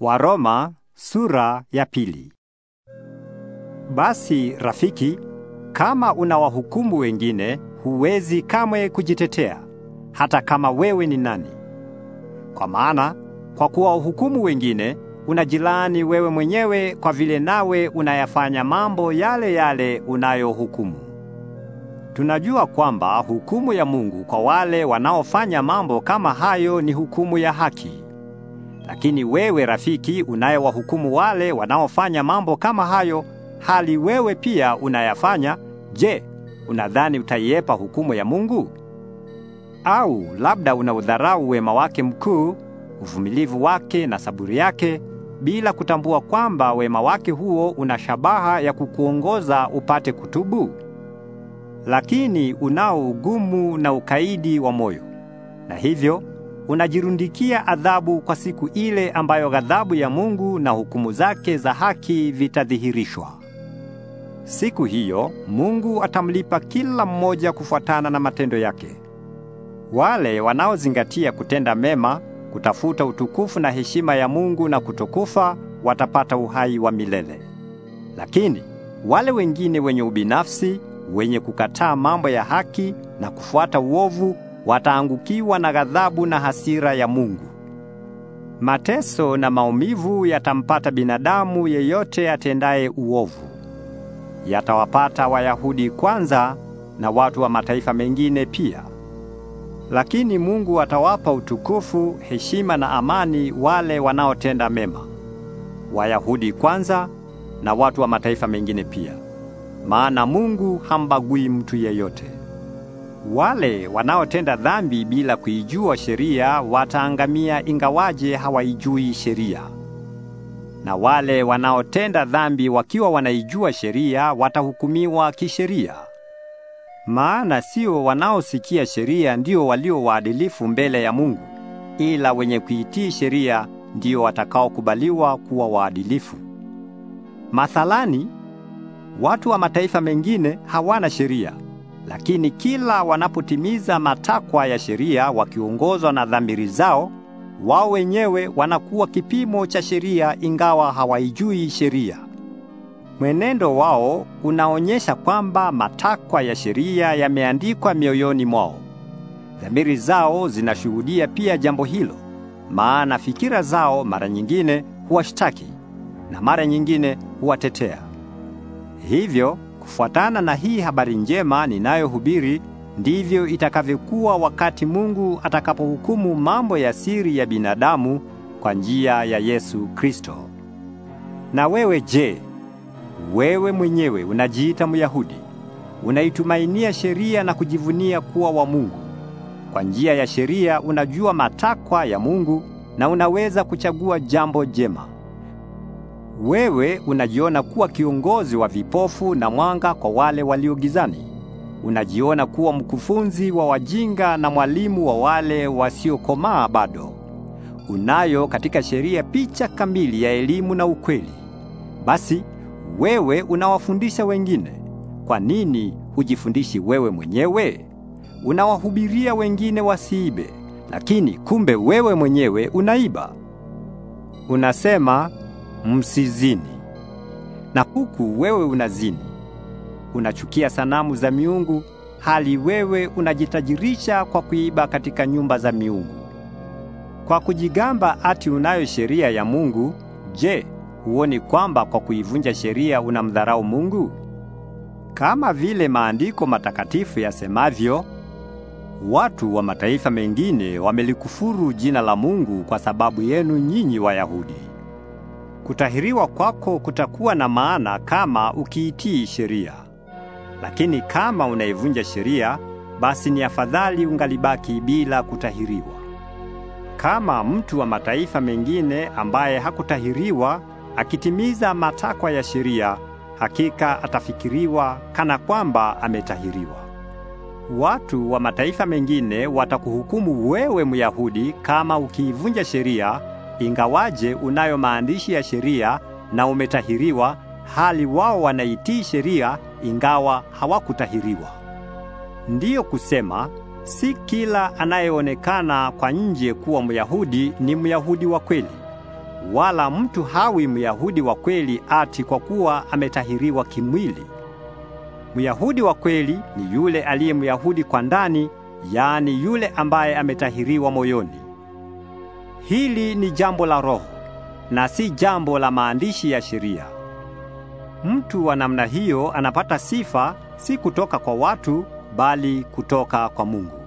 Waroma sura ya pili. Basi rafiki, kama unawahukumu wengine, huwezi kamwe kujitetea, hata kama wewe ni nani. Kwa maana kwa kuwa uhukumu wengine, unajilaani wewe mwenyewe kwa vile nawe unayafanya mambo yale yale unayohukumu. Tunajua kwamba hukumu ya Mungu kwa wale wanaofanya mambo kama hayo ni hukumu ya haki. Lakini wewe rafiki, unayewahukumu wale wanaofanya mambo kama hayo, hali wewe pia unayafanya, je, unadhani utaiepa hukumu ya Mungu? Au labda unaudharau wema wake mkuu, uvumilivu wake na saburi yake, bila kutambua kwamba wema wake huo una shabaha ya kukuongoza upate kutubu? Lakini unao ugumu na ukaidi wa moyo, na hivyo unajirundikia adhabu kwa siku ile ambayo ghadhabu ya Mungu na hukumu zake za haki vitadhihirishwa. Siku hiyo Mungu atamlipa kila mmoja kufuatana na matendo yake. Wale wanaozingatia kutenda mema, kutafuta utukufu na heshima ya Mungu na kutokufa watapata uhai wa milele. Lakini wale wengine wenye ubinafsi, wenye kukataa mambo ya haki na kufuata uovu wataangukiwa na ghadhabu na hasira ya Mungu. Mateso na maumivu yatampata binadamu yeyote atendaye uovu. Yatawapata Wayahudi kwanza na watu wa mataifa mengine pia. Lakini Mungu atawapa utukufu, heshima na amani wale wanaotenda mema. Wayahudi kwanza na watu wa mataifa mengine pia. Maana Mungu hambagui mtu yeyote. Wale wanaotenda dhambi bila kuijua sheria wataangamia ingawaje hawaijui sheria. Na wale wanaotenda dhambi wakiwa wanaijua sheria watahukumiwa kisheria. Maana sio wanaosikia sheria ndio walio waadilifu mbele ya Mungu, ila wenye kuitii sheria ndio watakaokubaliwa kuwa waadilifu. Mathalani, watu wa mataifa mengine hawana sheria. Lakini kila wanapotimiza matakwa ya sheria wakiongozwa na dhamiri zao, wao wenyewe wanakuwa kipimo cha sheria ingawa hawaijui sheria. Mwenendo wao unaonyesha kwamba matakwa ya sheria yameandikwa mioyoni mwao. Dhamiri zao zinashuhudia pia jambo hilo, maana fikira zao mara nyingine huwashtaki na mara nyingine huwatetea. Hivyo Kufuatana na hii habari njema ninayohubiri, ndivyo itakavyokuwa wakati Mungu atakapohukumu mambo ya siri ya binadamu kwa njia ya Yesu Kristo. Na wewe je, wewe mwenyewe unajiita Myahudi? Unaitumainia sheria na kujivunia kuwa wa Mungu. Kwa njia ya sheria unajua matakwa ya Mungu na unaweza kuchagua jambo jema. Wewe unajiona kuwa kiongozi wa vipofu na mwanga kwa wale waliogizani. Unajiona kuwa mkufunzi wa wajinga na mwalimu wa wale wasiokomaa bado. Unayo katika sheria picha kamili ya elimu na ukweli. Basi wewe unawafundisha wengine. Kwa nini hujifundishi wewe mwenyewe? Unawahubiria wengine wasiibe, lakini kumbe wewe mwenyewe unaiba. Unasema msizini. Na huku wewe unazini, unachukia sanamu za miungu, hali wewe unajitajirisha kwa kuiba katika nyumba za miungu. Kwa kujigamba ati unayo sheria ya Mungu, je, huoni kwamba kwa kuivunja sheria unamdharau Mungu? Kama vile maandiko matakatifu yasemavyo, watu wa mataifa mengine wamelikufuru jina la Mungu kwa sababu yenu nyinyi Wayahudi kutahiriwa kwako kutakuwa na maana kama ukiitii sheria. Lakini kama unaivunja sheria, basi ni afadhali ungalibaki bila kutahiriwa. Kama mtu wa mataifa mengine ambaye hakutahiriwa akitimiza matakwa ya sheria, hakika atafikiriwa kana kwamba ametahiriwa. Watu wa mataifa mengine watakuhukumu wewe Myahudi kama ukiivunja sheria ingawaje unayo maandishi ya sheria na umetahiriwa, hali wao wanaitii sheria ingawa hawakutahiriwa. Ndiyo kusema si kila anayeonekana kwa nje kuwa Myahudi ni Myahudi wa kweli, wala mtu hawi Myahudi wa kweli ati kwa kuwa ametahiriwa kimwili. Myahudi wa kweli ni yule aliye Myahudi kwa ndani, yaani yule ambaye ametahiriwa moyoni. Hili ni jambo la Roho na si jambo la maandishi ya sheria. Mtu wa namna hiyo anapata sifa si kutoka kwa watu bali kutoka kwa Mungu.